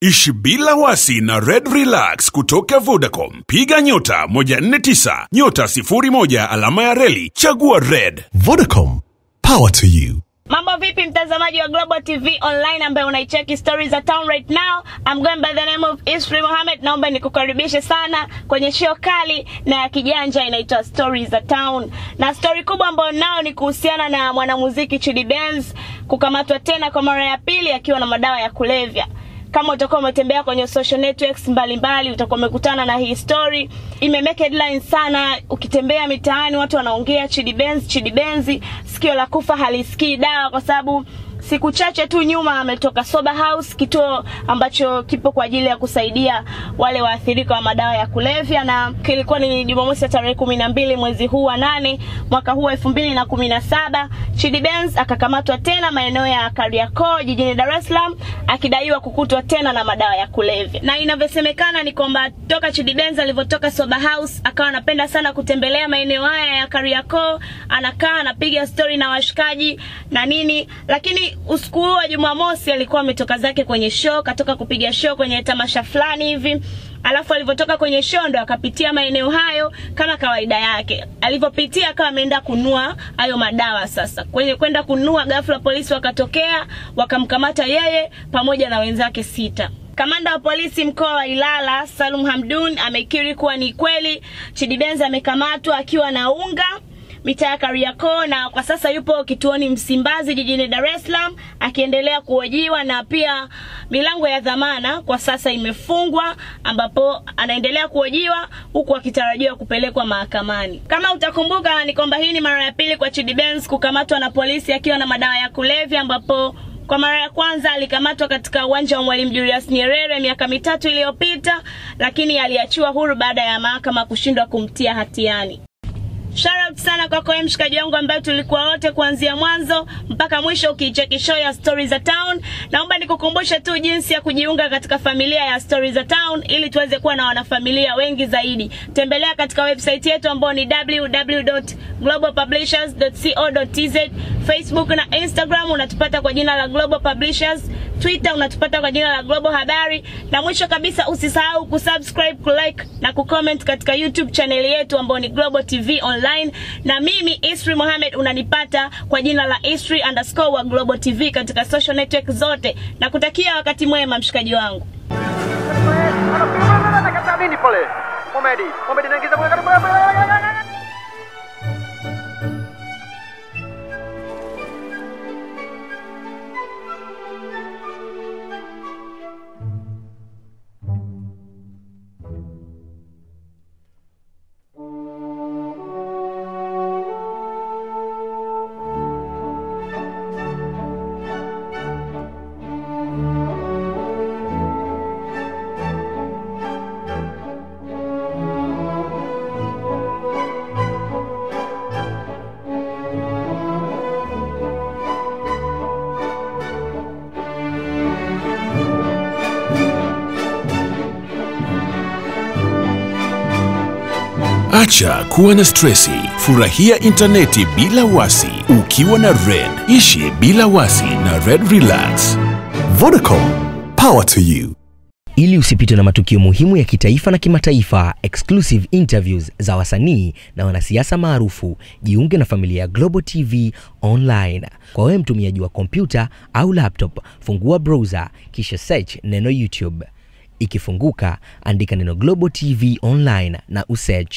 Ishi bila wasi na Red Relax kutoka Vodacom. Piga nyota 149 nyota 01 alama ya reli chagua Red. Vodacom, power to you. Mambo vipi mtazamaji wa Global TV online ambaye unaicheki stories za town right now. I'm going by the name of Isri Mohamed. Naomba nikukaribishe sana kwenye show kali na ya kijanja inaitwa Stories za Town. Na story kubwa ambayo nao ni kuhusiana na mwanamuziki Chidi Benz kukamatwa tena kwa mara ya pili akiwa na madawa ya kulevya. Kama utakuwa umetembea kwenye social networks mbalimbali, utakuwa umekutana na hii story, imemeke headline sana. Ukitembea mitaani, watu wanaongea Chidi Benz, Chidi Benzi, sikio la kufa halisikii dawa, kwa sababu Siku chache tu nyuma ametoka Sober House, kituo ambacho kipo kwa ajili ya kusaidia wale waathirika wa madawa ya kulevya, na kilikuwa ni Jumamosi ya tarehe kumi na mbili mwezi huu wa nane mwaka huu elfu mbili na kumi na saba Chidi Benz akakamatwa tena maeneo ya Kariakoo jijini Dar es Salaam akidaiwa kukutwa tena na madawa ya kulevya, na inavyosemekana ni kwamba toka Chidi Benz alivyotoka Sober House akawa anapenda sana kutembelea maeneo haya ya Kariakoo, anakaa anapiga stori na washikaji na nini, lakini usiku wa Jumamosi alikuwa ametoka zake kwenye show, katoka kupiga show kwenye tamasha fulani hivi. Alafu alivyotoka kwenye show ndo akapitia maeneo hayo kama kawaida yake. Alivyopitia akawa ameenda kunua hayo madawa sasa. Kwenye kwenda kunua, ghafla polisi wakatokea, wakamkamata yeye pamoja na wenzake sita. Kamanda wa polisi mkoa wa Ilala, Salum Hamdun, amekiri kuwa ni kweli Chidi Benz amekamatwa akiwa na unga mitaa ya Kariakoo, na kwa sasa yupo kituoni Msimbazi jijini Dar es Salaam akiendelea kuhojiwa, na pia milango ya dhamana kwa sasa imefungwa, ambapo anaendelea kuhojiwa huku akitarajiwa kupelekwa mahakamani. Kama utakumbuka ni kwamba hii ni mara ya pili kwa Chidi Benz kukamatwa na polisi akiwa na madawa ya kulevya, ambapo kwa mara ya kwanza alikamatwa katika uwanja wa Mwalimu Julius Nyerere miaka mitatu iliyopita, lakini aliachiwa huru baada ya mahakama kushindwa kumtia hatiani. Shout out sana kwako wewe eh, mshikaji wangu ambaye tulikuwa wote kuanzia mwanzo mpaka mwisho ukicheki show ya Story za Town. Naomba nikukumbushe tu jinsi ya kujiunga katika familia ya Story za Town ili tuweze kuwa na wanafamilia wengi zaidi. Tembelea katika website yetu ambayo ni www.globalpublishers.co.tz. Facebook na Instagram unatupata kwa jina la Global Publishers Twitter unatupata kwa jina la Global Habari, na mwisho kabisa usisahau kusubscribe, kulike na kucomment katika YouTube channel yetu ambayo ni Global TV Online, na mimi Isri Mohamed unanipata kwa jina la Isri underscore wa Global TV katika social network zote, na kutakia wakati mwema mshikaji wangu. Momedi, Momedi Acha kuwa na stresi, furahia intaneti bila wasi ukiwa na Red. Ishi bila wasi na Red Relax. Vodacom, power to you. Ili usipitwe na matukio muhimu ya kitaifa na kimataifa, exclusive interviews za wasanii na wanasiasa maarufu, jiunge na familia ya Global TV Online. Kwa wewe mtumiaji wa kompyuta au laptop, fungua browser kisha search neno YouTube. Ikifunguka, andika neno Global TV Online na usearch.